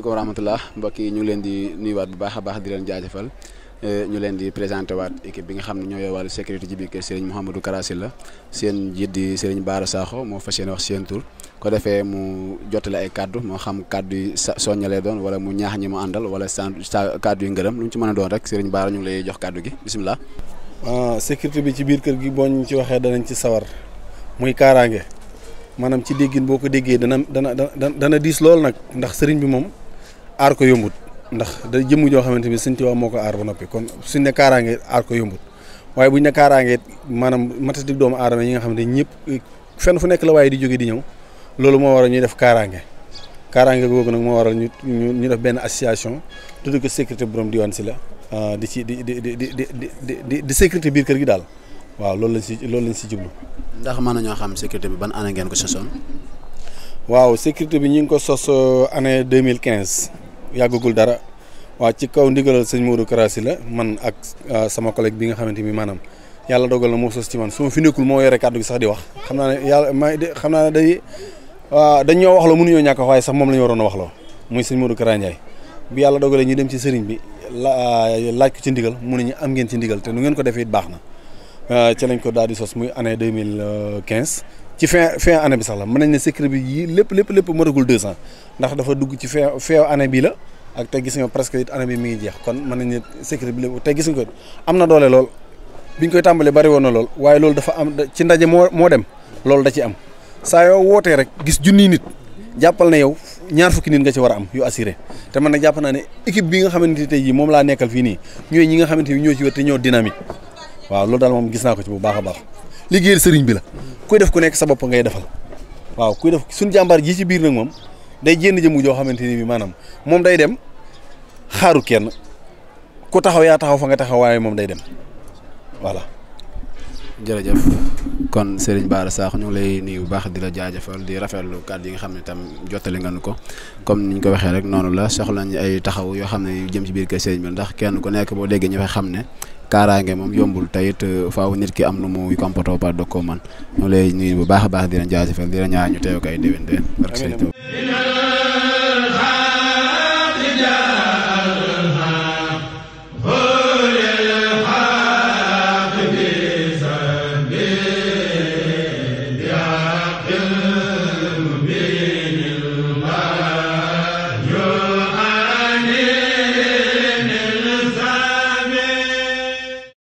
asalaamaaleykum warahmatullah. rahmatullah mbokk yi ñu leen di nuyuwaat bu baaxa baax di leen jaajëfal eh, ñu leen di présenté waat équipe bi nga xam ne ñoo yor sécurité ci biir Serigne Mouhamadou Kara la seen njiit di Serigne Bara Sakho moo fas wax seen tur ko defee mu jotale ay kaddu moo xam kaddu yi soññalee doon wala mu ñaax ñi mu àndal wala sant yi ngërëm lu mu ci mën a doon rek Serigne Bara ñu ngi lay jox kaddu gi bisimilah. Ah, sécurité bi ci biir kër gi boo ñu ci waxee danañ ci sawar muy kaaraange maanaam ci déggin boo ko déggee dana dana dana dis lool nag ndax sëriñ bi moom aar ko yombut ndax da jëmm joo xamante ni Sëñ Tuubaa moo ko aar ba noppi kon suñ ne kaaraange aar ko yombut waaye buñ ne kaaraange maanaam matati doomu aadama yi nga xam ne ñëpp fenn fu nekk la waaye di jóge di ñëw loolu moo war a ñu def kaaraange kaaraange googu nag moo waral ñu ñu def benn association tudd ko sécurité borom diwaan si la ah, di ci di di di di di di sécurité biir kër gi daal waaw loolu lañ si loolu lañ si jublu. ndax man mën ñoo xam sécurité bi ban année ngeen ko sosoon. waaw sécurité bi ñu ngi ko sos année deux mille quinze yàggagul dara waaw ci kaw ndigalal sëñ Modou Kara Sylla la man ak ah, sama collègue bi nga xamante mi maanaam yàlla dogal na moo sos ci man su ma moo yore kàddu gi sax di wax xam naa ne yàlla ma xam naa ne day dañ ñoo wax la mënuñoo ñàkk waaye sax moom la waroon wax loo muy sëñ Modou Kara Ndiaye bi yàlla dogalee ñu dem ci sëriñ bi ah, laaj ko ci ndigal mu ne ñu am ngeen ci ndigal te nu ngeen ko defee baax na ah, ci lañ ko daal di sos muy année deux mille quinze ci fin fin année bi sax la mën nañ ne secret bi yii lépp lépp lépp matagul deux ans ndax dafa dugg ci fin fin année bi la ak te gis nga presque it année bi mi ngi jeex kon mën nañ ne secret bi te gis nga ko am na doole lool biñ koy tàmbalee bari woon na lool waaye loolu dafa am ci ndaje moo moo dem loolu da ci am saa yoo wootee rek gis junni nit jàppal na yow ñaar fukki nit nga ci war a am yu assuré te man nag jàpp naa ne équipe bi nga xamante ne tey jii moom laa nekkal fii nii ñooy ñi nga xamante ne ñoo ci wër te ñoo dynamique waaw loolu daal moom naa ko ci bu baax a baax liggéeyal sëriñ bi la kuy def ku nekk sa bopp ngay defal waaw kuy def suñu jàmbaar ji ci biir nag moom day jénn jëmm joo xamante ni bi maanaam moom day dem xaaru kenn ku taxaw yaa taxaw fa nga taxaw waaye moom day dem voilà jërëjëf kon Serigne Bara Sakho ñu ngi lay nuyu bu baax di la jaajëfal di rafetlu kàddu yi nga xam ne tam jottali nga nu ko comme ni ñu ko waxee rek noonu la soxla ñu ay taxaw yoo xam ne yu jëm ci biir kër Serigne bi ndax kenn ku nekk boo déggee ñu fa xam ne kaaraange moom yombul tayit euh, faaw nit ki am nu mu comportement ba doog koo man ñu lay nuyu bu baax a baax di la jaajëfal di la ñaan ñu teew kay déwén déwén.